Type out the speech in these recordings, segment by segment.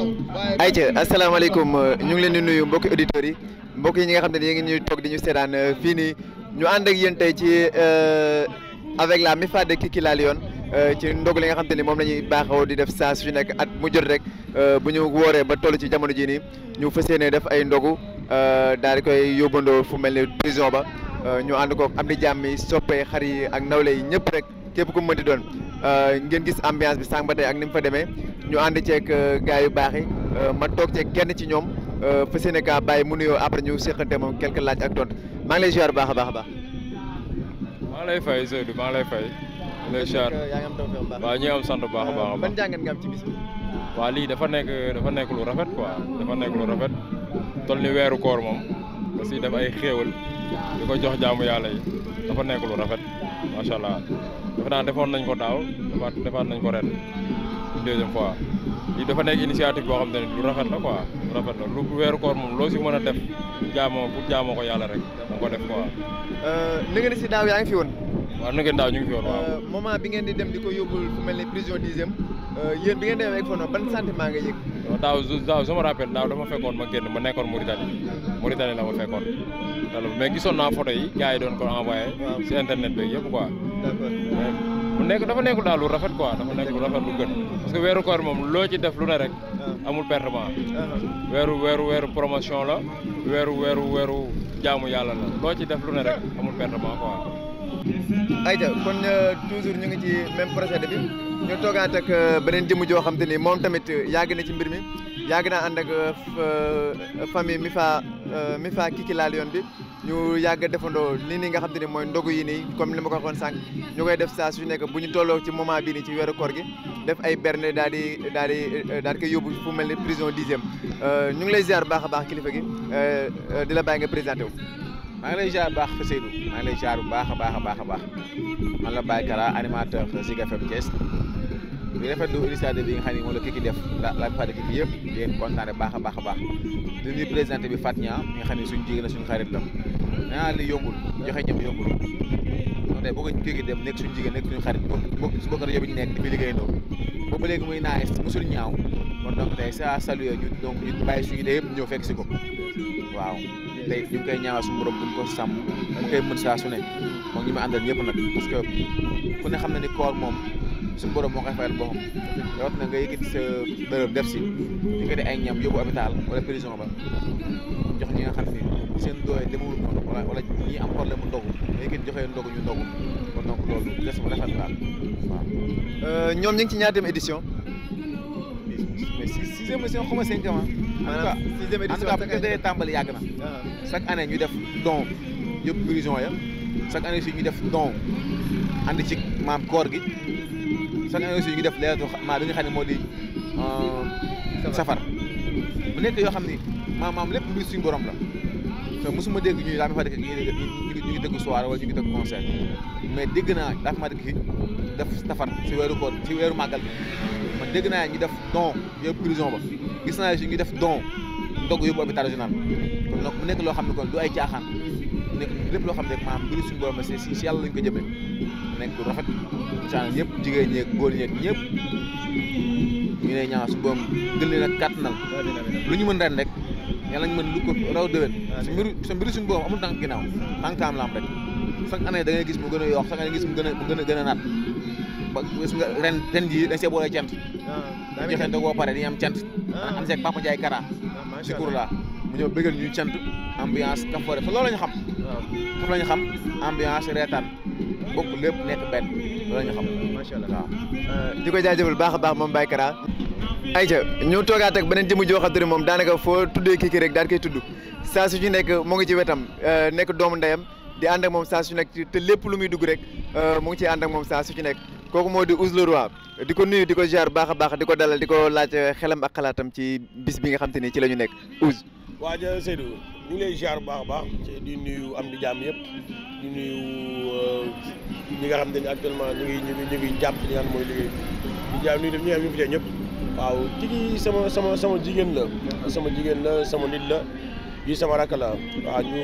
ay ayca asalaamaaleykum euh, ñu ngi leen di nuyu mbokki auditeurs yi mbokk yi ñi nga xam ne yéen ngi ñuy toog di ñu seetaan euh, fii nii ñu ànd ak yéen tey ci euh, avec la MIFA de Kikila yoon ci ndog li nga xam te ni moom la ñuy baaxoo di def saa su nekk at mu jot rek bu ñu wooree ba toll ci jamono jii nii ñu fas yéene def ay ndogu daal di koy yóbbandoo fu mel ni prison ba ñu ànd kook am di jàmm yi soppee xar yi ak nawle yi ñëpp rek képp ku mu mënti doon. Euh, ngeen gis ambiance bi sànq ba ak ni mu fa demee ñu ànd ceeg euh, gars yu baax yi euh, ma toog ceeg kenn ci ñoom fa Sénégal bàyyi mu nuyoo après ñu seqante moom quelques laaj ak tontu maa ngi lay ziar baax a baax a baax. maa lay fay Seydou maa lay fay. lay ziar waaw ñu am sant bu baax a baax a baax. jàngat nga am ci lii dafa nekk dafa nekk lu rafet quoi dafa nekk lu rafet toll ni weeru koor moom parce que def ay xéewal di ko jox jaamu yàlla yi dafa nekk lu rafet. macha allah defe naa defoon nañ ko daaw defaat defaat nañ ko ren une deuxième fois lii dafa nekk initiative boo xam te ne lu rafet la quoi lu rafet la lu weeru moom loo si mën a def jaamoo pour jaamoo ko yàlla rek da nga ko def quoi. Euh, na ngeen si daaw yaa ngi fi woon. waaw na daaw ñu ngi fi woon waaw. Euh, moment bi ngeen di dem di ko yóbbul fu mel ni prison dixième euh, yéen bi ngeen demee ak Fono ban sentiment nga yëg. daaw daaw je me rappelle daaw dafa fekkoon ma génn ma nekkoon Mauritanie Mauritanie la ma fekkoon alors mais gisoon naa photo yi gars doon ko envoyé. si internet bi yëpp quoi. mu nekk dafa nekkul daal lu rafet quoi dafa nekk lu rafet lu gën. parce que weeru koor moom loo ci def lu ne rek. Ah. amul pertement. Ah. weeru weeru weeru promotion la. weeru weeru weeru jaamu yàlla la loo ci def lu ne rek amul pertement quoi. ayca kon euh, toujours ñu ngi ci même procédé bi ñu toogaat ak euh, beneen jëmm joo xam ni moom tamit euh, yàgg na ci mbir mi. yàgg naa ànd ak euh, famille mi fa euh, mi fa kikilaal yoon bi ñu yàgg defandoo lii nii nga xam te ni mooy ndogu yi nii comme li ma ko waxoon sànq ñu koy def saa su nekk bu ñu tolloo ci moment bi nii ci weeru koor gi def ay berne daal di daal di euh, daal di koy yóbbu fu mel ni prison dixième ñu ngi lay ziar baax a baax kilifa gi di la bàyyi nga présenté wu. maa ngi lay ziar baax fa Seydou maa ngi a baax a baax a baax man la Baye Kara animateur Zik FM kees di rafetlu initiative bi nga xam ne moom la kii def la la fa kii yëpp di leen kontaane baax a baax a baax di nuyu présidente bi Fatou Niang mi nga xam ne suñu jigéen la suñu xarit la naa li yombul joxe ñëpp yombul donc tey boo ko kii dem nekk suñu jigéen nekk suñu xarit boo sa suñu idée yëpp ñëw fekk si ko waaw tey ñu ngi koy ñaawal suñu borom duñ ko sàmm dañ koy mën saa su ne moom ñi ma àndal ñëpp nag parce que ne xam na ni koor moom suñu borom moo koy fayal boppam rawat na nga yëkkati sa dërëm def si di nga di ay ñam yóbbu hôpital wala prison ba jox ñi nga seen doole demul noonu wala am problème mu ndogu nga yëkkati joxee ndogu ñu ndogu kon donc loolu des bu rafet daal waaw. Euh, ñoom ñu ngi ci ñaateem édition. mais si sixième édition xaw ma cinquième ah. maanaam sixième édition en tout cas en tout cas bu ñu tàmbali ah. année ñu def don yóbbu prison ya chaque année si ñu def don ànd ci maam koor gi. son énergie yu ñu def leeratu maa li nga xam ne moo di euh, safar mu nekk yoo xam ni maam maam lépp mbir suñu borom la te mosuma dégg ñuy laa mi fa dëkk ñu ngi dëgg soirée wala ñu ngi dëgg dégg naa laa fi ma def safar si weeru koor si weeru màggal ma dégg naa ñu def don yóbbu prison ba gis naa si ñu def don ndog yóbbu hôpital régional kon nekk loo xam ne kon du ay caaxaan mu nekk loo xam ne maam mbir suñu borom la si si yàlla lañ ko jëmee nekk rafet channel yëpp jigéen ñeeg góor ñeeg ñëpp ñu ne ñaan su boom gën leen a kàttanal lu ñu mën ren rek yàlla ñu mën lu ko raw déwén sa mbiru sa mbiru suñu boom amul tànk ginnaaw tànk am lam rek chaque da ngay gis mu gën a yokk chaque année gis mu gën a mu gën a gën a naat ba gis nga ren ren jii dañ see boole cant ah, joxeen da koo pare dañuy am cant ah. am seeg Papa Ndiaye Kara si cour la mu ñëw bëggal ñuy cant ambiance kafoore fa loolu la ñu xam foofu ah. la ñu xam ambiance reetaan bokk lépp nekk benn loolu ñu xam. macha allah waaw. Euh, di baax a baax moom Baye Kara. ayca ñu toogaat ak beneen jëmu joo xamante ne moom daanaka foo tuddee kii kii rek daal koy tudd saa su ci nekk mu ngi ci wetam euh, nekk doomu ndeyam di ànd moom saa su nekk te lépp lu muy dugg rek euh, mu ngi ciy ànd ak moom saa su ci nekk kooku moo di Ouze Leroy di ko nuyu di ko ziar baax a baax di ko dalal di ko laaj xelam ak xalaatam ci bis bi nga xam te ni ci la ñu nekk Ouze. waa jërëjëf Seydou ñu ngi lay ziar bu baax a baax di nuyu am di jàmm yëpp di nuyu euh, ñi nga xam ne ni actuellement ñu ngi ñu ngi ñu ngi jàpp ci li nga xam mooy liggéey di jàpp nuyu def ñu fi tey ñëpp waaw tigi sama sama sama jigéen la sama jigéen la sama nit la yi sama rakk la waaw ñu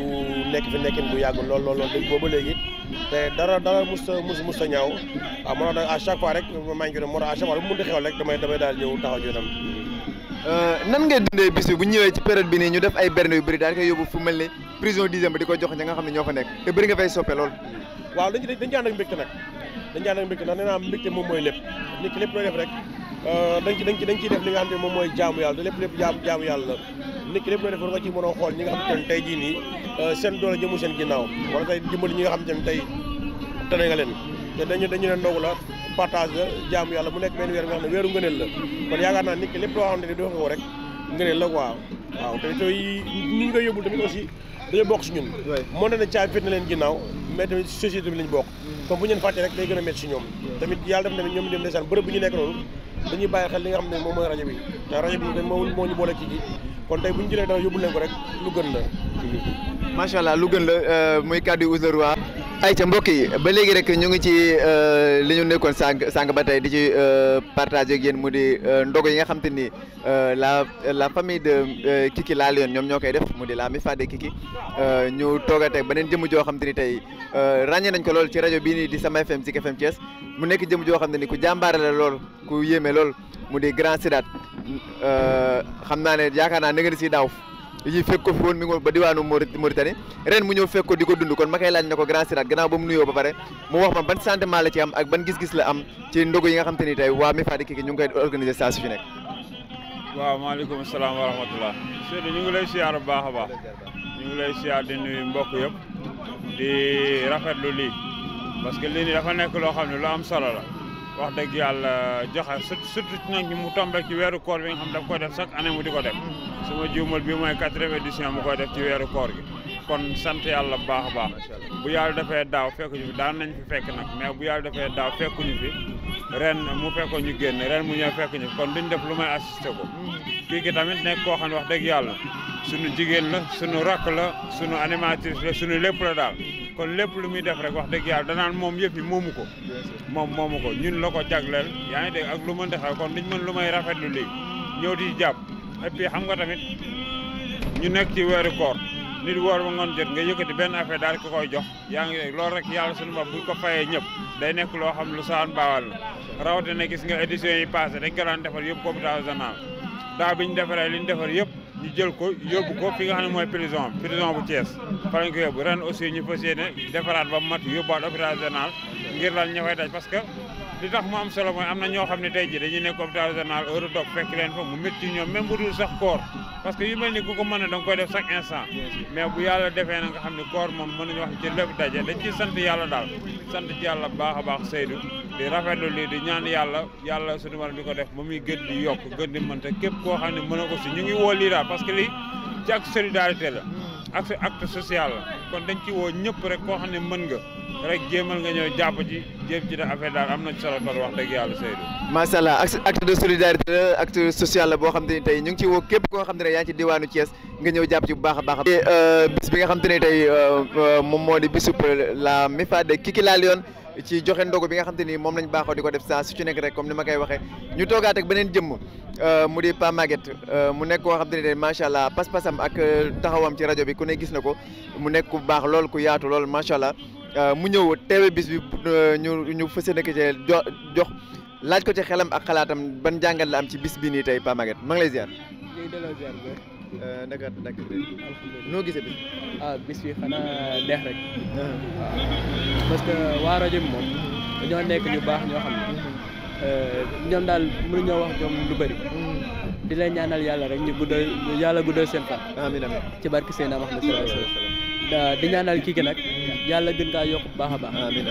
nekk fi nekkin bu yàgg lool lool lool dëgg booba léegi te dara dara mus ta mus mus ta ñaaw waaw moo tax à chaque fois rek maa ngi ko moo tax à chaque fois mu munti xew rek damay damay daal ñëw taxaw ñu tam Euh, nan ngay dundee bis bi bu ñëwee ci période bi nii ñu def ay berne yu bëri daa di koy yóbbu fu mel ne prison dixième bi di ko jox ña nga xam ne ñoo fa nekk te bëri nga fay soppe lool waaw dañ ci dañ ci moom mooy lépp nit ki lépp def rek euh, nga xam ne moom mooy jaamu yàlla da lépp lépp jaamu jaamu yàlla la nit ki lépp looy def nga ci mën a xool ñi nga xam ne tey jii euh, seen doole jëmu seen ginnaaw wala tey dimbali ñi nga xam ne tey tane te dañu dañu leen ndogu la partage la jaamu yàlla mu nekk benn weer nga xam la kon yaakaar naa nit ki lépp loo xamante ni def nga ko rek waaw tamit aussi dañoo bokk si ñun monte ne caay na leen ginnaaw mais tamit société bi lañ bokk comme bu ñu leen fàtte rek a si ñoom tamit yàlla def tamit ñoom dem ndeysaan bërëb bu ñu nekk noonu dañuy bàyyi xel li nga xam ne moom mooy rajo bi te rajo bi moo moo ñu boole ci gi kon tey bu ñu jëlee dara yóbbul ko rek lu gën la macha allah lu gën la euh, muy kàddu Ouzin le ayca mbokk yi ba léegi rek ñu ngi ci euh, li ñu nekkoon sànq sànq ba tey di ci euh, partager ak yéen mu di euh, ndogo yi nga xam te ni la la famille de Kiki La Lionne ñoom ñoo koy def mu di la mi fade Kiki ñu toogate beneen jëmm joo xam ni tey ràññee nañ ko lool ci rajo bii nii di Sama FM Zik FM Thiès mu nekk jëmm joo xam te ni ku jàmbaare la lool ku yéeme lool mu di grand Sidath xam naa ne yaakaar naa ne ngeen si daaw. yi fekk ko fi mi ngi ba Mauritanie ren mu ñew fekk ko diko dund kon makay lañ laaj ne ko Grand Sirat gannaaw bu mu nuyo ba pare mu wax ma ban sentiment la ci am ak ban gis-gis la am ci ndogu yi nga xamanteni tay wa mi fadi kii ñu ngi organiser saa su fi nekk wa alaykum assalam wa rahmatullah ñu ngi lay bu baax ñu ngi lay di nuyu mbokk yëpp di rafetlu li parce que li ni dafa nek lo xamni lu am solo la wax deug yalla joxe surtout mu ci wéru koor bi nga xam da ko def chaque année mu diko def su ma juumal bi mooy quatrième édition mu koy def ci weeru koor gi kon sant yàlla bu baax a baax bu yàlla defee daaw fekkuñu fi daan nañ fi fekk nag mais bu yàlla defee daaw ñu fi ren mu fekkoon ñu génn ren mu ñëw fekk ñu kon duñ def lu may assisté ko kii gi tamit nekk koo xam ne wax dëgg yàlla sunu jigéen la sunu rakk la su sunu animatrice la sunu lépp la daal kon lépp lu muy def rek wax dëgg yàlla danaan moom yëpp yi moomu ko moom moomu ko ñun la ko jagleel yaa ngi dégg ak lu mën defee kon duñ mën lu may rafetlu léegi ñëw di jàpp et puis xam nga ñu nekk ci weeru koor nit woor ba ngoon jot nga yëkkati benn affaire daal ko koy jox yaa ngi loolu rek yàlla sunu bopp bu ko fayee ñëpp da nekk loo xam lu saan baawal la rawatina gis nga éditions yi passé dañ ko daan defar yëpp hôpital zonal daaw bi ñu defaree defar yëpp ñu jël ko yóbbu ko fi nga xam ne mooy prison prison bu Thiès fa lañ ko yóbbu ren aussi ñu fas yéene defaraat ba mat yóbbuwaat hôpital zonal ngir daal ña fay daj que li tax mu am solo am na ñoo xam ne tey ji dañuy nekk hôpital régional heure dog fekk leen fa mu métti ñoom même bu dul sax koor parce que yu mel ni ku ko mën a da nga koy def chaque instant mais bu yàlla defee na nga koor moom mënuñu wax ci daje dañ ciy yàlla daal sant yàlla baax a baax Seydou di rafetlu di ñaan yàlla yàlla suñu bi ko def ba muy gën di yokk gën di mën te képp xam ne mën a ko si ñu ngi woo lii daal parce que lii ci ak solidarité la ak acte social la kon dañ ci woo ñëpp rek koo xam ne mën nga rek jéemal nga ñëw jàpp ci jéem ci da affaire daal am na ci solo kon wax dëgg yàlla Seydou. macha allah acte de solidarité la acte social la boo xam te ni tey ñu ngi ci woo képp koo xam te ne yaa ngi ci diwaanu Thiès nga ñëw jàpp ci bu baax a baax. Euh, bis bi nga xam te ne tey euh, euh, moom moo di bisub la mi fa de Kiki Laal yoon. ci joxe ndogu bi nga xam te ni moom lañ baaxoo di ko def saa su ci nekk rek comme ni ma koy waxee ñu toogaat ak beneen jëmm euh, mu di Pa Maguette euh, mu nekk koo xam te ne macha allah pas-pasam ak euh, taxawam ci rajo bi ku ne gis na ko mu nekk ku baax lool ku yaatu lool macha allah mu ñëw teewe bis bi ñu ñu fas yéene cee jox laaj ko ci xelam ak xalaatam ban jàngal laam ci bis bi nii tey Pa Maguette maa ngi lay ziar. Euh, Dakar Dakar noo gisee bis ah, bis bi xanaa neex rek ah. parce que waa rajo bi moom dañoo nekk ñu baax ñoo xam ne euh, ñoom daal mënuñoo wax ñoom lu bari mm. di leen ñaanal yàlla rek ñu guddal yàlla guddal seen fan amiin amiin ci barke seen am wax na sala sala di ñaanal kii gi nag yàlla gën kaa yokk bu baax a baax amiin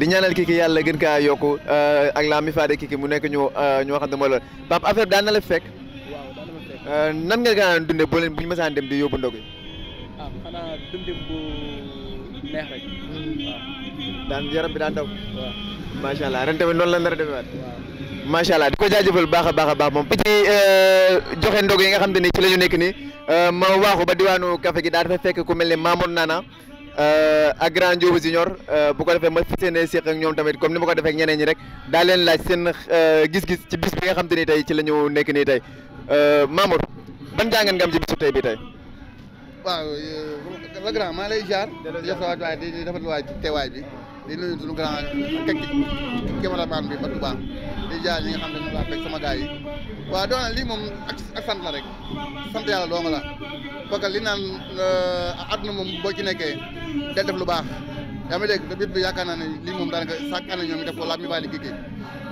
di ñaanal kii ki yàlla gën kaa yokk euh, ak la mi de kii ki mu nekk ñu ñoo xam ne mooy loolu Pape affaire daan na la fekk Euh, nan nga daan dundee boo bu ñu mësaan dem di yóbbu ndogu yi. ah xanaa hmm. daan yaram bi daan daw. waaw macha allah ren tamit noonu la nar a defewaat. waaw macha allah di ko jaajëfal baax a baax a baax moom ci euh, joxe ndog yi nga xam te ni ci la ñu nekk nii euh, ma waaxu ba diwaanu café gi daa dafa fekk ku mel ne Mamour Nana ak grand Ndiobu Junior bu ko defee ma fi seen seq ak ñoom tamit comme ni ma ko defee ak ñeneen ñi rek daa leen laaj seen gis-gis ci bis bi nga xam ni tey ci la ñu nekk nii tey Euh, Mamadou ban jàngat nga am ci bisu tey bi tey. waaw le euh, grand maa lay jaar. di jox sa waay di defal waay teewaay bi di nuyu suñu grand technique bi ba Touba di xam ne ñu laa fekk sama gars lii moom ak sant la rek sant yàlla dong li naan euh, àdduna moom boo ci nekkee del def lu baax yaa ngi dégg te bit bi yaakaar naa ne lii moom daanaka chaque année ñoom ñu def ko laaj mi bàyyi liggéey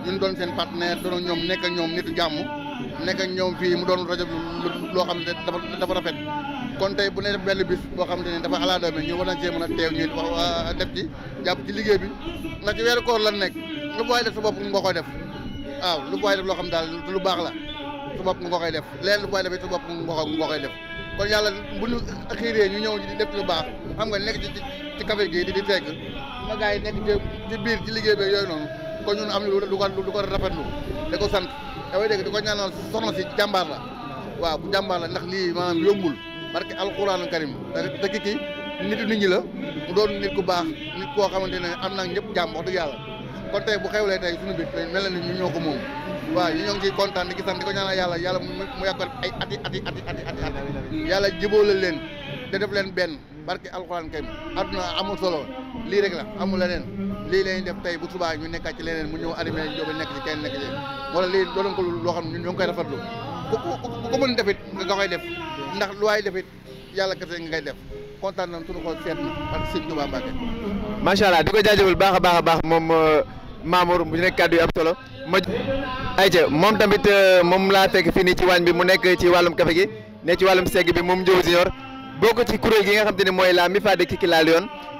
ñun doon seen partenaire doon ñoom nekk ñoom nitu jàmm. nekk ak ñoom fii mu doon rajo loo xam ne dafa dafa rafet kon tey bu ne def benn bis boo xam ne dafa alaa doome ñu war nañ cee mën a teew ñuy wax euh, def ci liggéey bi ndax ci weeru koor la nekk lu booy def sa bopp nga koy def lu booy def loo xam daal lu baax la sa bopp nga koy def leen lu booy def sa bopp nga koy def kon yàlla bu ñu xiiree ñu ñëw di def lu baax xam nga nekk ci ci gi di di fekk ma gars yi nekk ci biir ci liggéey bi yooyu noonu kon ñun am lu ko lu ko rafetlu da ko sant dafay eh dégg di ko ñaanal soxna si jàmbaar la waaw jàmbaar la ndax lii maanaam yombul barke alquran karim te kii nitu nit ñi la mu doon nit ku baax nit koo xamante ne am na ñëpp jàmm wax yàlla kon bu xewlee tey suñu biir tey mel na ni ko moom waaw ñu ñoo ngi ciy kontaan di sant di ko ñaanal yàlla yàlla mu yàggal ay ati ati ati ati ati at yàlla jubóolal leen te def leen benn barke alquran karim adduna amul solo lii rek la amul leneen lii lañuy def tey bu subaa ñu nekkaat ci leneen mu ñëw animé jóoba nekk ci kenn nekk ci wala lii loolu loo xam ne ñoo ngi koy rafetlu ku ku ku mën defit nga koy def ndax lu waay defit yàlla kafe nga koy def kontaan na suñu xool seet na parce que sëñ Tuubaa Mbàkke macha allah ko jaajëfal baax a baax a baax moom euh, Mamour bu nekk kàddu yu am solo ma ayca moom tamit euh, moom laa fekk fii nii ci waañ bi mu nekk ci wàllum café gi ne ci wàllum segg bi moom Ndiob Junior bokk ci kuréel gi nga xam te ne mooy la mi de Kiki Laal yoon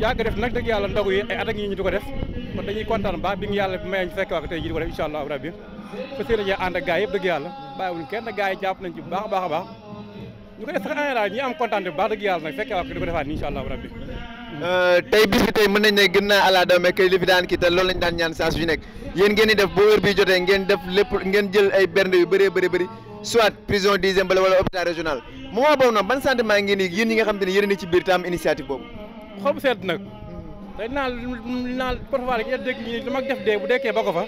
yàgg def nag dëgg yàlla ndogu yi ay at ñu di ko def kon dañuy kontaan baax bi nga yàlla mayee ñu fekk wax ko def incha nañ ci baax a baax a baax ñu ko def sax en général ñi am baax euh, tey bis mën nañ ne gën naa ala dama kay li daan kii te loolu lañ daan ñaan saa su nekk yéen ngeen di def boo heure bi jotee ngeen def lépp ngeen jël ay bernde yu bëree bëri bëri soit prison dixième bala wala hôpital régional moment boobu noonu ban sentiment ngeen yi yéen ñi nga xam te ne yéen a ci biir te xol bu sedd nag day naan naan parfois rek dégg ñi ni dama def dee bu dekkee ba ko fa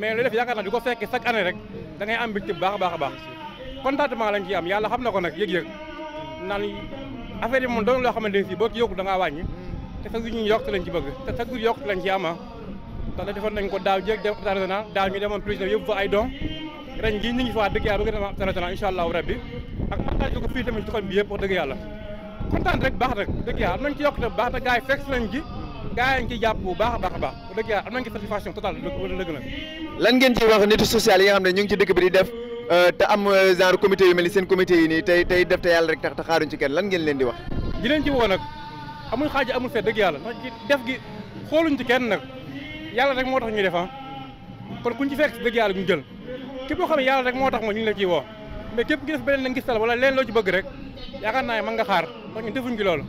mais lu def yaakaar naa di ko fekkee chaque année rek da am mbégte bu baax a baax a baax contentement lañ ciy am yàlla xam na ko nag yëg-yëg naan affaire yi moom doon loo xamante ne si boo ci yokku da ngaa wàññi te chaque jour ñu yokk lañ ci bëgg te chaque jour yokk lañ ci ama ndax da defoon ko daaw jéeg dem international daaw ñu demoon plus yóbbu fa ay don ren jii ñu ngi fa wax dëgg yàlla bëgg yàlla kontaan rek baax rek dëgg yàlla am nañ ci yokkute bu baax te gars yi fekk nañ ci gars yi ci jàpp bu baax a baax a baax dëgg yàlla am nañ ci satisfaction totale dëgg la lan ngeen ne ñu ngi ci dëkk bi di def euh, te am euh, genre ni tey tey def te yàlla rek tax te xaaruñ ci kenn lan ngeen leen di wax di leen woo nag amul xaaji amul seet dëgg yàlla ndax def gi xooluñ ci kenn nag yàlla rek moo tax ñuy def ah. kon kuñ ci fekk dëgg yàlla ñu jël képp koo xam ne yàlla rek moo tax ma ñu ngi la ciy woo mais képp ki def beneen na ngistal wala leen loo ci bëgg rek yaakaar naa ne mën nga xaar ndax ñun defuñ ci loolu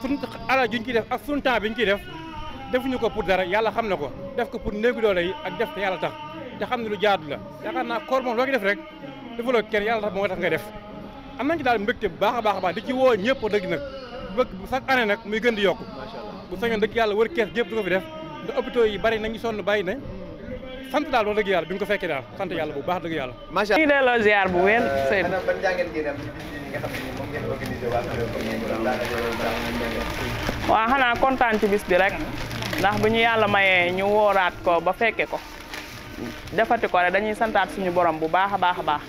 suñ alal ji ñu ciy def ak suñ temps bi def defuñu ko pour dara yàlla xam na ko def ko pour néegu doole yi ak def te yàlla tax te xam ne lu jaadu la yaakaar naa koor moom loo ci def rek defaloo kenn yàlla tax moo tax nga def am nañ ci daal mbégte bu baax a baax baax di ci woo ñëpp dëgg nag bëgg chaque année nag muy gën di yokku bu sañoon dëgg yàlla wër kees gépp du ko def nda hôpitaux yi bari nañu sonn bàyyi nañ sant daal wax dëgg yàlla bi ñu ko fekkee daal sant yàlla bu baax dëgg yàlla. macha allah ñu bu wér Seydou. waa xanaa kontaan ci bis bi rek ndax bu ñu yàlla mayee ñu wóoraat ko ba fekkee ko defati ko rek dañuy santaat suñu borom bu baax a baax a baax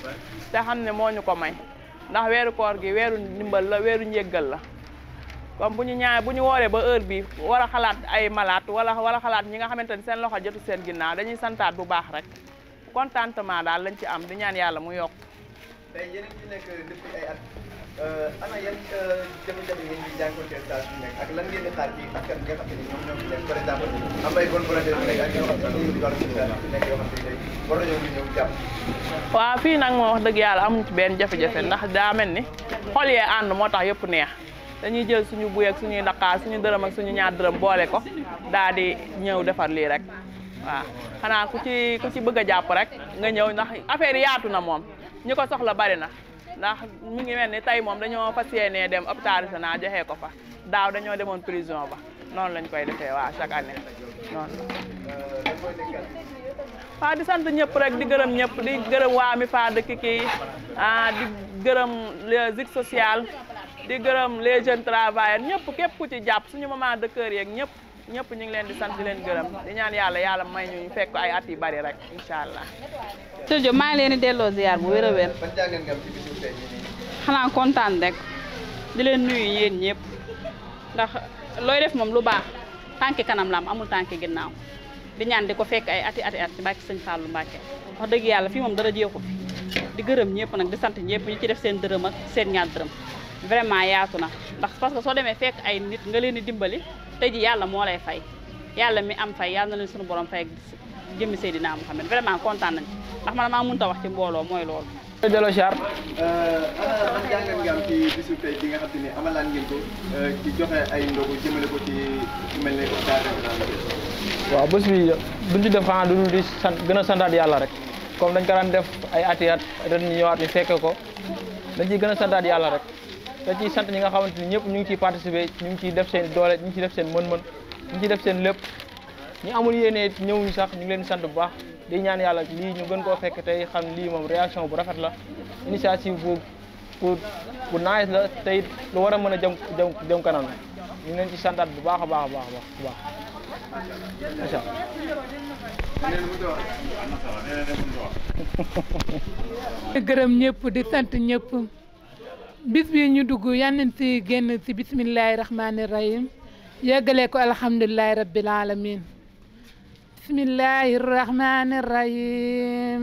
te xam ne moo ñu ko may ndax weeru koor gi weeru ndimbal la weeru njéggal la comme buñu ñaay buñu bu ba heure bi wala a xalaat ay malade wala wala xalaat ñi nga xamanteni seen loxo jottu seen ginnaw dañuy santat bu baax rek contentement dal lañ ci am di ñaan yalla mu yok tay yeen fi nek depuis ay at euh ana yan euh, jafe-jafe ñi di jankoté sa ci nek ak lan ngeen di xaar ci askan bi nga xam ne ñoom ñoo fi nekk par exemple am ay bonne volonté nekk ak ñoo xam ñu di war a fi nekk yoo xam ne tey war nañoo fi ñëw jàpp waaw fii nag moom wax deug yalla amu ci ben jafé jafé ndax da melni xol ye and motax tax neex dañuy jël suñu buy ak suñuy daqaar suñu dërëm ak suñu ñaar dërëm boole ko daa di ñëw defar lii rek waaw xanaa ku ci ku ci bëgg a jàpp rek nga ñëw ndax affaire yi yaatu na moom ñu ko soxla bari na ndax mi ngi mel ni tey moom dañoo fas yéenee dem hôpital naa joxe ko fa daaw dañoo demoon prison ba noonu lañ koy defee waa chaque année noonu waaw di sant ñëpp rek di gërëm ñëpp di gërëm waa mi fa dëkk kii ah di gërëm Zik social di gërëm les jeunes travailleurs ya. ñëpp képp ku ci japp suñu mama de cœur yeeg ya. ñëpp ñëpp ñu ngi leen di sant di leen gërëm di ñaan yalla yalla may ñu fekk ay at yu bari rek inshallah allah. ma ngi leen di delloo ziar bu wér a wér. xanaa kontaan rek di leen nuyu yeen ñëpp ndax loy def mom lu baax tanki kanam la am amul tanki ginnaw di ñaan di ko fekk ay ati ati at ci bàkki sëñ Fallou Mbacke wax deug yalla oh, fi mom dara jéxu fi di gërëm ñëpp nak di sant ñëpp ñu ci def seen dërëm ak seen ñaan dërëm. vraiment yaatu na ndax parce que soo demee fekk ay nit nga leen di dimbali tey ji yàlla moo lay fay yàlla mi am fay yàlla na leen suñu borom fay ak jëmmi Seydina Mouhamed vraiment kontaan nañ ndax man maa mun a wax ci mbooloo mooy loolu. Euh, te ni amalaan ngeen ko euh, ci joxe ay ndogu jëmale ko ci mel ne waaw bés bi duñ ci def xanaa du di sant gën a santaat yàlla rek comme dañ ko daan def ay ati at ren ñëwaat ñu fekke ko dañ ciy gën a santaat yàlla rek te ciy sant ñi nga xamante ni ñëpp ñu ngi ciy participer ñu ngi ciy def seen doole ñu ngi ciy def seen mën-mën ñu ngi ciy def seen lépp ñi amul yéene ñëwuñu sax ñu ngi leen sant bu baax di ñaan yàlla lii ñu gën koo fekk tey xam lii moom réaction bu rafet la initiative bu bu bu nice la tey lu war a mën a jëm jëm jëm kanam ñu ngi ci santaat bu baax a baax a baax bu baax ñëpp di sant ñëpp. bis bi ñu dugg yàlla nañ si génn si bisimilahi rahmaani rahim yeggalee ko alhamdulilahi rabbil alamin bisimilahi rahmaani rahim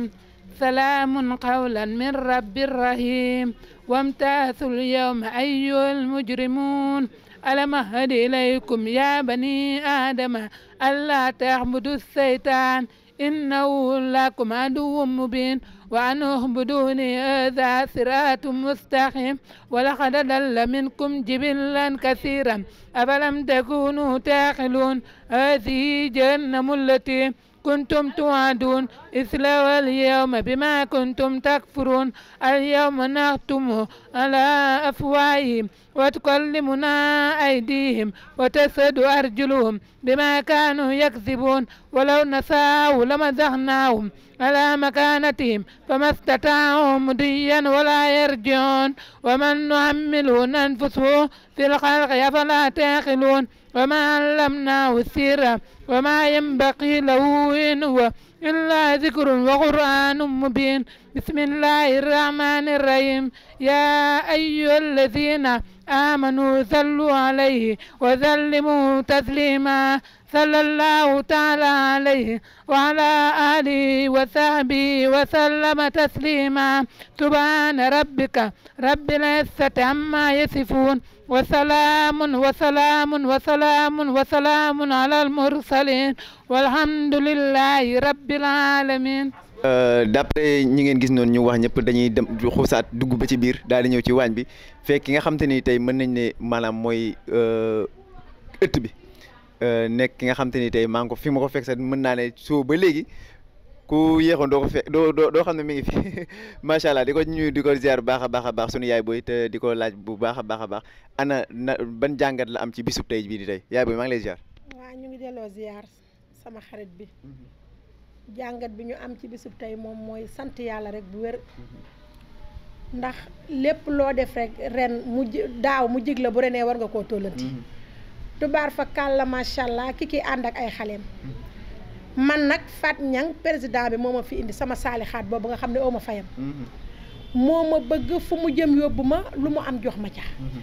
salaamun qawlan min rabbi rahim wamtaasul yawma ayyul mujrimun ألم أهد إليكم يا بني آدم ألا تعبدوا الشيطان إنه لكم عدو مبين وعنهم بدون هذا صراط مستقيم ولقد ضل منكم جبلا كثيرا أفلم تكونوا تاكلون هذه جهنم التي كنتم توعدون إثلا اليوم بما كنتم تكفرون اليوم نختم على أفواههم وتكلمنا أيديهم وتسد أرجلهم بما كانوا يكذبون ولو نساء لمزحناهم على مكانتهم فما استطاعوا مديا ولا يرجعون ومن نعمله ننفسه في الخلق أفلا تعقلون وما علمناه السيرة وما ينبغي له إن هو إلا ذكر وقرآن مبين بسم الله الرحمن الرحيم يا أيها الذين آمنوا صلوا عليه وسلموا تسليما صلى الله تعالى عليه وعلى آله وصحبه وسلم تسليما سبحان ربك رب العزة عما يصفون وسلام وسلام وسلام وسلام على المرسلين والحمد لله رب العالمين euh, d'après ñi ngeen gis noonu ñu wax ñëpp dañuy dem xuusaat dugg ba ci biir daal ñëw ci waañ bi fekk ki nga xam ni tey mën nañ ne maanaam mooy euh, ëtt bi Euh, nekk ki nga xam te ni tey maa ngi ko fi ma ko fekk sax mën naa ne soo ba léegi ku yéexoon doo ko fekk doo xam ne mi ngi fi macha allah di ko ñu di ko ziar baax a baax a baax sunu yaay booy te di ko laaj bu baax a baax baax ana na ban jàngat la am ci bisub tey bii di tey yaay booy maa lay ziar. waaw ñu ngi delloo ziar sama xarit bi. Mhm. jàngat bi ñu am ci bisub tey moom mooy sant yàlla rek bu wér. ndax lépp loo def rek ren mu daaw mu jig la bu renee war nga koo tollanti. Mhm. tubaar fa kàll macha allah ki ki ànd ak ay xaleem man nag Fat Niang président bi moo ma fi indi sama saalixaat boobu nga xam ne oo ma fayam mm-hmm. moo ma bëgg fu mu jëm yóbbu ma lu mu am jox ma ca mm-hmm.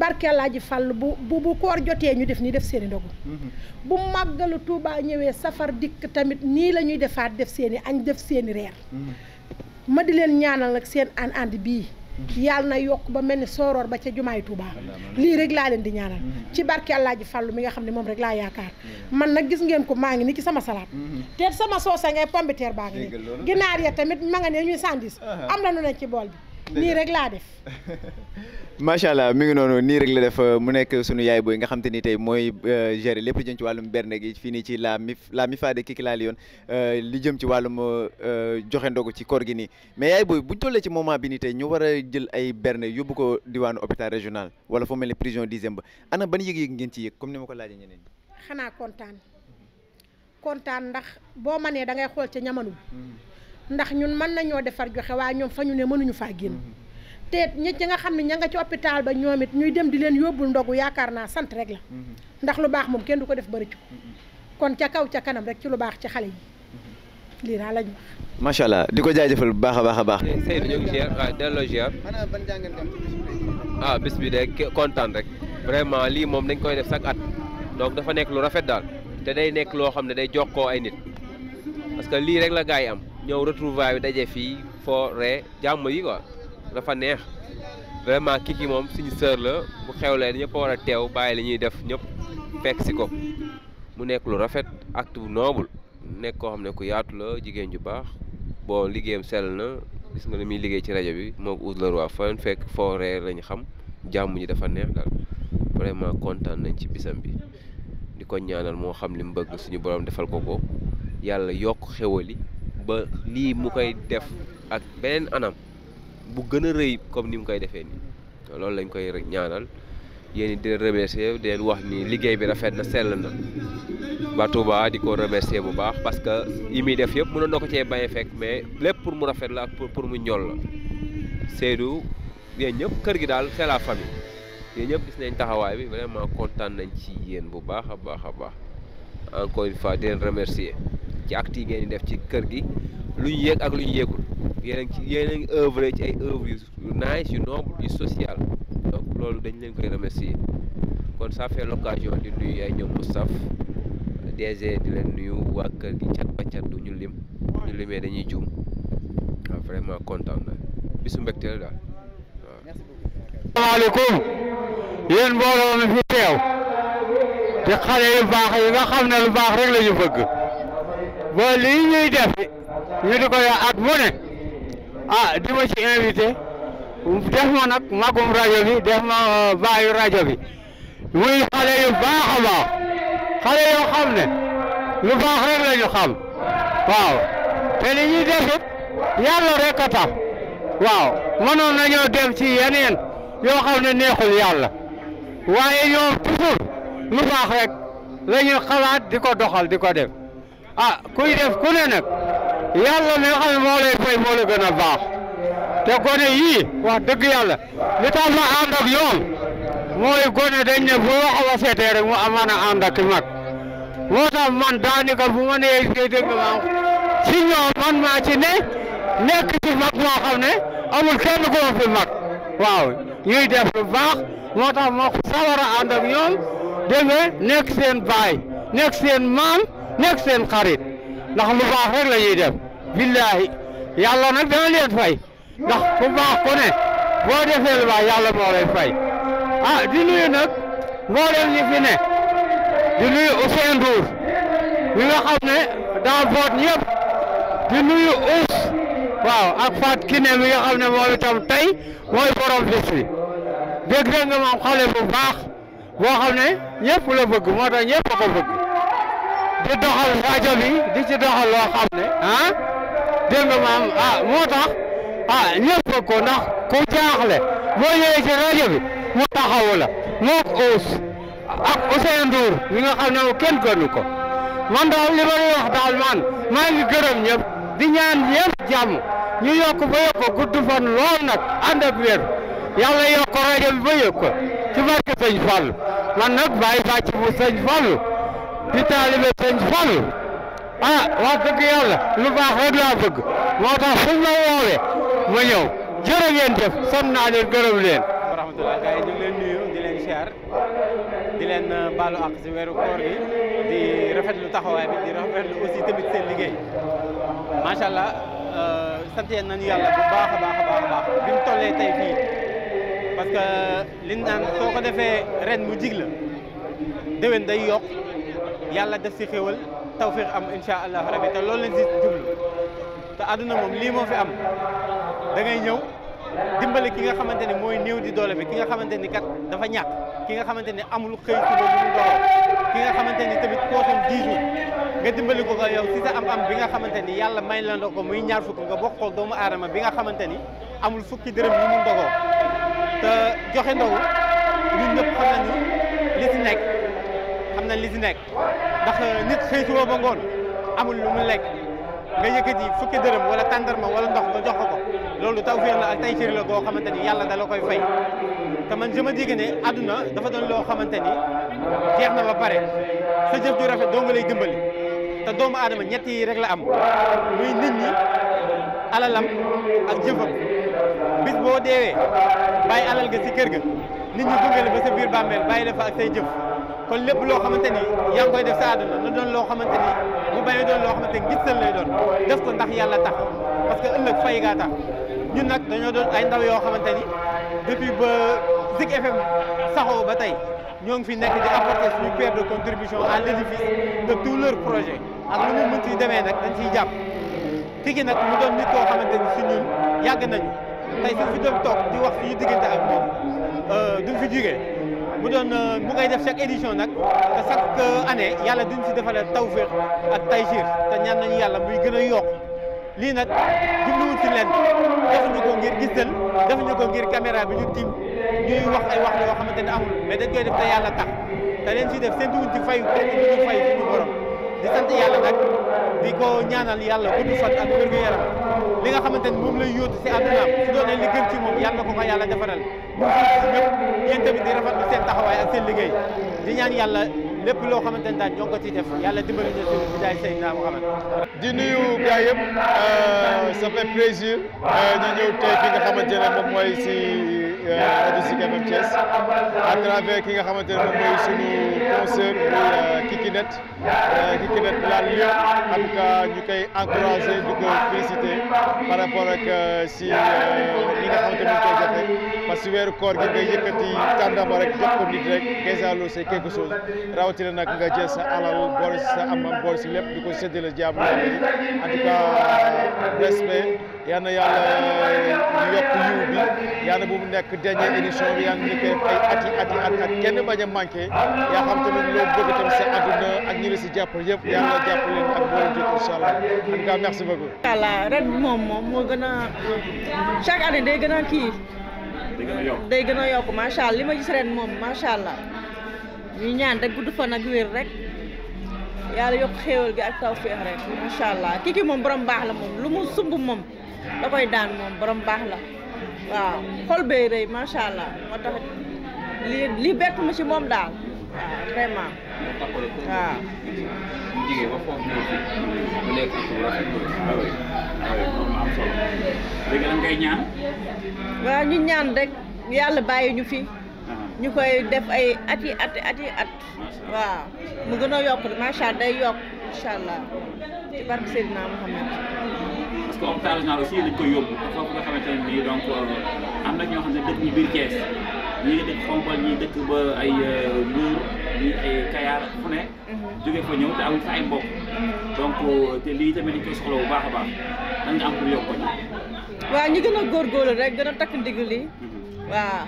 barkeelaaji fàll bu bu bu koor jotee ñu def nii def seen i ndogu mm-hmm. bu màggalu Tuubaa ñëwee safar dikk tamit nii la ñuy defaat def seen i añ def seeni i reer ma di leen ñaanal nag seen an and bii yàlla na yokk ba mel ni sooroor ba ca jumaay Tuubaa lii rek laa leen di ñaanal ci barke Alaaji Fàllu mi nga xam ne moom rek laa yaakaar man na gis ngeen ko maa ngi ni ci sama salaat te sama soose ngay pombiteer baa ngi ni ginaar ya tamit ma nga ne ñuy sandis uh-huh. am na nu ne ci bool bi nii rek laa def. macha allah mi ngi noonu nii rek la def euh, mu nekk sunu yaay booy nga xam te ni tey mooy euh, gérer lépp lu jëm ci wàllum berne gi fii nii ci la mi la mi faade kii laa yoon euh, li jëm ci wàllum joxe ndogu ci koor gi nii mais yaay booy bu ñu tollee ci moment bi nii tey ñu war a jël ay berne yóbbu ko diwaanu hôpital régional wala foo mel ne prison dixième ba ana ban yëg-yëg ngeen ci yëg comme ni ma ko laajee ñeneen ñi. xanaa kontaan kontaan ndax boo manee da ngay xool ca ñamanul. Hmm. ndax ñun mën nañoo defar joxe waaye ñoom fa ñu ne mënuñu faa génn mm-hmm. te ñi ci nga xam ne ña nga ci hôpital ba ñoom it ñuy dem di leen yóbbul ndogu yaakaar naa sant rek la mm-hmm. ndax lu baax moom kenn du ko def bari ci mm-hmm. kon ca kaw ca kanam rek ci lu baax ci xale yi lii daal lañu wax allah di ko jaajëfal bu baax a baax a baax Seydou ñu ngi ziar waaw delloo ziar ah bis bi de kontaan rek vraiment lii moom dañ koy def chaque at donc dafa nekk lu rafet daal te day nekk loo xam ne day jox koo ay nit parce que lii rek la gars yi am ñëw retrouvaille bi daje fii foo ree jàmm yi quoi dafa neex vraiment kii ki moom suñu sœur la bu xewlee ñëpp a war a teew bàyyi li ñuy def ñëpp fekk si ko mu nekk lu rafet acte bu noble nekk koo xam ne ku yaatu la jigéen ju baax bon liggéeyam sell na gis nga li muy liggéey ci rajo bi moo Ousse Leroy fa leen fekk foo ree lañu xam jàmm ñi dafa neex daal vraiment kontaan nañ ci bisam bi di ko ñaanal moo xam li mu bëgg suñu borom defal ko ko yàlla yokk xewali ba li mu koy def ak benen anam bu gëna reuy comme ni mu koy defé ni loolu lañ koy ñaanal yeen di remercier de leen wax ni liggéey bi rafet na sel na ba Touba di ko remercier bu baax parce que yi muy def yëpp mënoon na ci baye fek mais lepp pour mu rafet la pour mu ñol la Seydou yeen ñëpp kër gi dal c'est la famille yeen ñëpp gis nañ taxaway bi vraiment content nañ ci yeen bu baax a baax baax encore une fois de remercier ci actes yi ngeen di def ci kër gi lu ñu yéeg ak lu ñu yéegul yéen a ngi ci yéen a ngi ci ay œuvre yu nice yu noble yu social donc loolu dañ leen koy remercier kon ça fait l'occasion di nuyu ay ñoom Moustapha DG di leen nuyu waa kër gi cat ba ñu lim ñu limee dañuy juum waaw ah, vraiment content na bisu mbégte la daal waaw. asalaamaaleykum yéen mbooloo fi teew te xale yu baax yi nga xam ne lu baax rek la bëgg. ba lii ñuy def ñu di ko yaa at mu ne ah, di ma ci invité def ma nag magum rajo bi def ma euh, baayu rajo bi muy xale yu baax a baax xale yoo xam ne lu baax rek la xam waaw te li ñuy def it rek a tax waaw mënoon nañoo dem ci yeneen yoo xam ne neexul yàlla waaye ñoom toujours lu baax rek la xalaat di ko doxal di ko def a ah, kuy def ku ne nag yàlla mi nga moo lay fay moo gën a baax te gone yii wax dëgg yàlla li tax ma ànd ak ñoom mooy gone dañ ne bu wax wa seetee rek mu amaan a ànd ak mag moo tax man daanaka bu ma nee dégg ma ci ñoom man maa ci ne nekk ci mag moo xam ne amul kenn ku ma fi mag waaw ñuy def lu baax moo tax ma sawar a ànd ak ñoom demee nekk seen baay nekk seen maam. nekk seen xarit ndax lu baax rek la ñuy def billaahi yàlla nag dana leen fay ndax ku baax ku ne boo defee lu baax yàlla moo lay fay ah di nuyu nag mboolem ñi fi ne di nuyu Ousseynou Ndour mi nga xam ne daa boot ñëpp di nuyu Ous waaw ak Fat Kiné mi nga xam ne moom itam tey mooy borom bés bi dégg nga moom xale bu baax boo xam ne ñëpp la bëgg moo tax ñëpp a ko bëgg. di doxal rajo bi di ci doxal loo xam ne ah maam ah moo tax ah ñëpp ko ndax ku jaaxle boo ñëwee ci rajo bi mu taxawu la moo ko ak Ousseynou Ndour mi nga xam ne kenn gënu ko man daal li ma wax daal man maa ngi gërëm ñëpp di ñaan ñëpp jàmm ñu yokk ba yokk gudd fan lool nag ànd ak wér yàlla yokk rajo bi ba yokk ci barke sëñ Fall man nag bàyyi bàcc bu sëñ Fall. di taalibe sëñ Fallou ah wax dëgg yàlla lu baax rek laa bëgg moo tax fu ma ma ñëw jërë ngeen jëf sant naa leen gërëm leen. rahmatulah gars yi di leen siyaar di leen euh, baalu ak si weeru di rafetlu bi di rafetlu aussi tamit seen liggéey macha allah euh, sant nañu yàlla bi mu tollee tey fii parce que euh, liñ naan soo ren mu jig la yàlla def si xéwal tawfiq am incha allah rabi te loolu lañ si jublu te àdduna moom lii moo fi am da ngay ñëw dimbali ki nga xamante ne mooy néew di doole bi ki nga xamante ni kat dafa ñàkk ki nga xamante ne amul xëy ci loolu mu doxoo ki nga xamante ni tamit kootam 10 jours nga dimbali ko ko yow si sa am-am bi nga xamante ni yàlla may la ko muy ñaar fukk nga bokk ko doomu aadama bi nga xamante ni amul fukki dërëm yi mu ndogoo te joxe ndogu ñun ñëpp xam nañu li si nekk. nañ li si nekk ndax euh, nit xëy si ba ngoon amul lu mu lekk nga yëkkati fukki dërëm wala tàndarma wala ndox nga jox ko loolu tawféex la ak taysiir la boo xamante ni yàlla dala koy fay te man je me dis ne àdduna dafa doon loo xamante ni jeex na ba pare sa jëf ju rafet doo nga lay dimbali te doomu aadama ñett yi rek la am muy nit ñi alalam ak jëfam bis boo deewee bàyyi alal ga si kër ga nit ñi gunge ba sa biir bàmmeel bàyyi la fa ak say jëf kon lépp loo xamante ni yaa ngi koy def sa àdduna na doon loo xamante ni mu bañ doon loo xamante ni lay doon def ko ndax yàlla tax parce que ëllëg fay gaa tax ñun nag dañoo doon ay ndaw yoo xamante depuis ba Zik FM saxoo ba tey ñoo fi nekk di apporter suñu pierre de contribution à l'édifice de tout leur projet ak lu mu mën ci demee nag dañ ciy jàpp Kiki nag mu doon nit koo xamante ni si ñun yàgg nañu tey suñ fi doon toog di wax suñu diggante ak moom duñ fi jugee. mu doon euh, mu ngay def chaque édition nag te chaque euh, année yàlla duñ si defalee tawféex ak taysiir te ñaan nañu yàlla muy gën a lii nag jubluwul si leen defuñu ko ngir gistal defuñu ko ngir caméra bi ñu tiim ñuy wax ay wax yoo xamante ne amul mais dañ koy def te yàlla tax te leen si def seen dugub ci fayu kenn du ñu fay suñu borom di sant yàlla nag. di ko ñaanal yàlla gudd fan ak wér gu yaram li nga xamante ni moom lay yóotu si àddunaam su doonee li gën ci moom yàlla ko ko yàlla defaral mu gis ñëpp yéen tamit di seen taxawaay ak liggéey di ñaan yàlla lépp loo xamante ni daal ñoo ngi ko ciy def yàlla dimbali ñu si bidaay Seydina Mouhamed di nuyu gars yëpp euh, ça fait plaisir euh, ñu ñëw tey ki nga xamante ne mooy si euh, rajo Zik FM Thiès à travers ki nga xamante ne moom mooy sunu consoeur Kikinet euh, Kikinet laal lépp en ñu koy encouragé di ko félicité par rapport ak euh, si euh, li nga xamante ni koy joxe parce que weeru koor gi nga yëkkati tàndama rek jox nit rek dèjà loolu c'est quelque chose rawatina nag nga jël sa alal boole sa am-am boole si lépp di ko séddale jaamu en tout respect. yal na yàlla uh, yokk yiw bi mu nekk dernière édition bi yal na ñu koy ay at kenn bañ a manqué yaa xam tamit loo si jàpp yëpp yal na jàpp leen ak allah en moom moom moo gën a chaque année day gën a kii. day gën a yokk day allah li ma gis ren moom macha allah ñu ñaan rek gudd fan ak wér rek. yàlla yokk xéewal gi ak tawféex rek macha allah kii ki moom borom baax la moom lu mu sumb moom da koy daan moom borom baax la waaw xol bay rëy macha allah moo tax li li bett ma ci moom daal waaw ñaan. waaw ñu ñaan rek yàlla bàyyi ñu fi. Uh-huh. ñu koy def ay at yi at at yi at. waaw mu gën a yokk macha allah day yokk incha allah ci barke Seydina Muhammad parce que hôpital régional aussi dañ koy yóbbu foofu nga xamante ne bii donc euh, am na ñoo xam ne dëkk ñu biir Thiès ñii dëkk a ñii dëkk ba ay euh, Mbuur ñii ay Kayaar fu ne mhm. jóge fa ñëw te amul fa ay mbokk mhm. donc euh, te lii tamit dañ soxla bu baax a baax nan nga am pour yokk ko ñu gën a góorgóorlu rek gën a takk ndigli mhm. waaw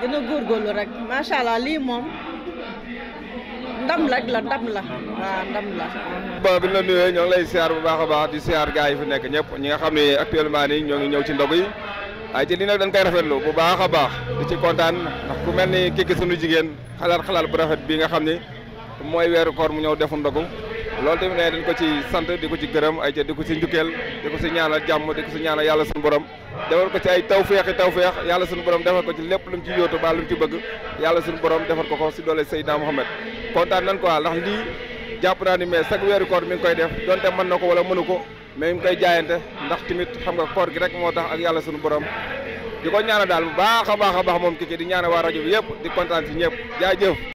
gën a góorgóorlu rek macha lii moom ndam la la ndam la waaw ndam la. bon bi ñu la nuyee ñoo ngi lay siyaar bu baax a baax di siyaar gars yi fi nekk ñëpp ñi nga xam ne actuellement nii ñoo ngi ñëw ci ndog yi waaye ci lii nag dañ koy rafetlu bu baax a baax di ci kontaan ndax ku mel ni kii ki sunu jigéen xalaat xalaat bu rafet bii nga xam ne mooy weeru koor mu ñëw defu ndogu loolu tamit ne dañ ko ci sant di ko ci gërëm ay ca di ko si njukkeel di ko si ñaanal jàmm di ko si ñaanal yàlla suñu borom defal ko ci ay tawféexi tawféex yàlla suñu borom defal ko ci lépp lu mu ci yóotu ba lu mu ci bëgg yàlla suñu borom ko ko si doole Seydina Mohamed kontaan nañ ko ndax jàpp naa ni mais chaque weeru koor mi ngi koy def donte mën na ko wala mënu ko mais mi ngi koy jaayante ndax xam nga koor gi rek moo tax ak yàlla suñu borom di ko ñaanal daal bu baax a baax a baax moom kii di ñaanal waa rajo bi yëpp di kontaan si ñëpp jaajëf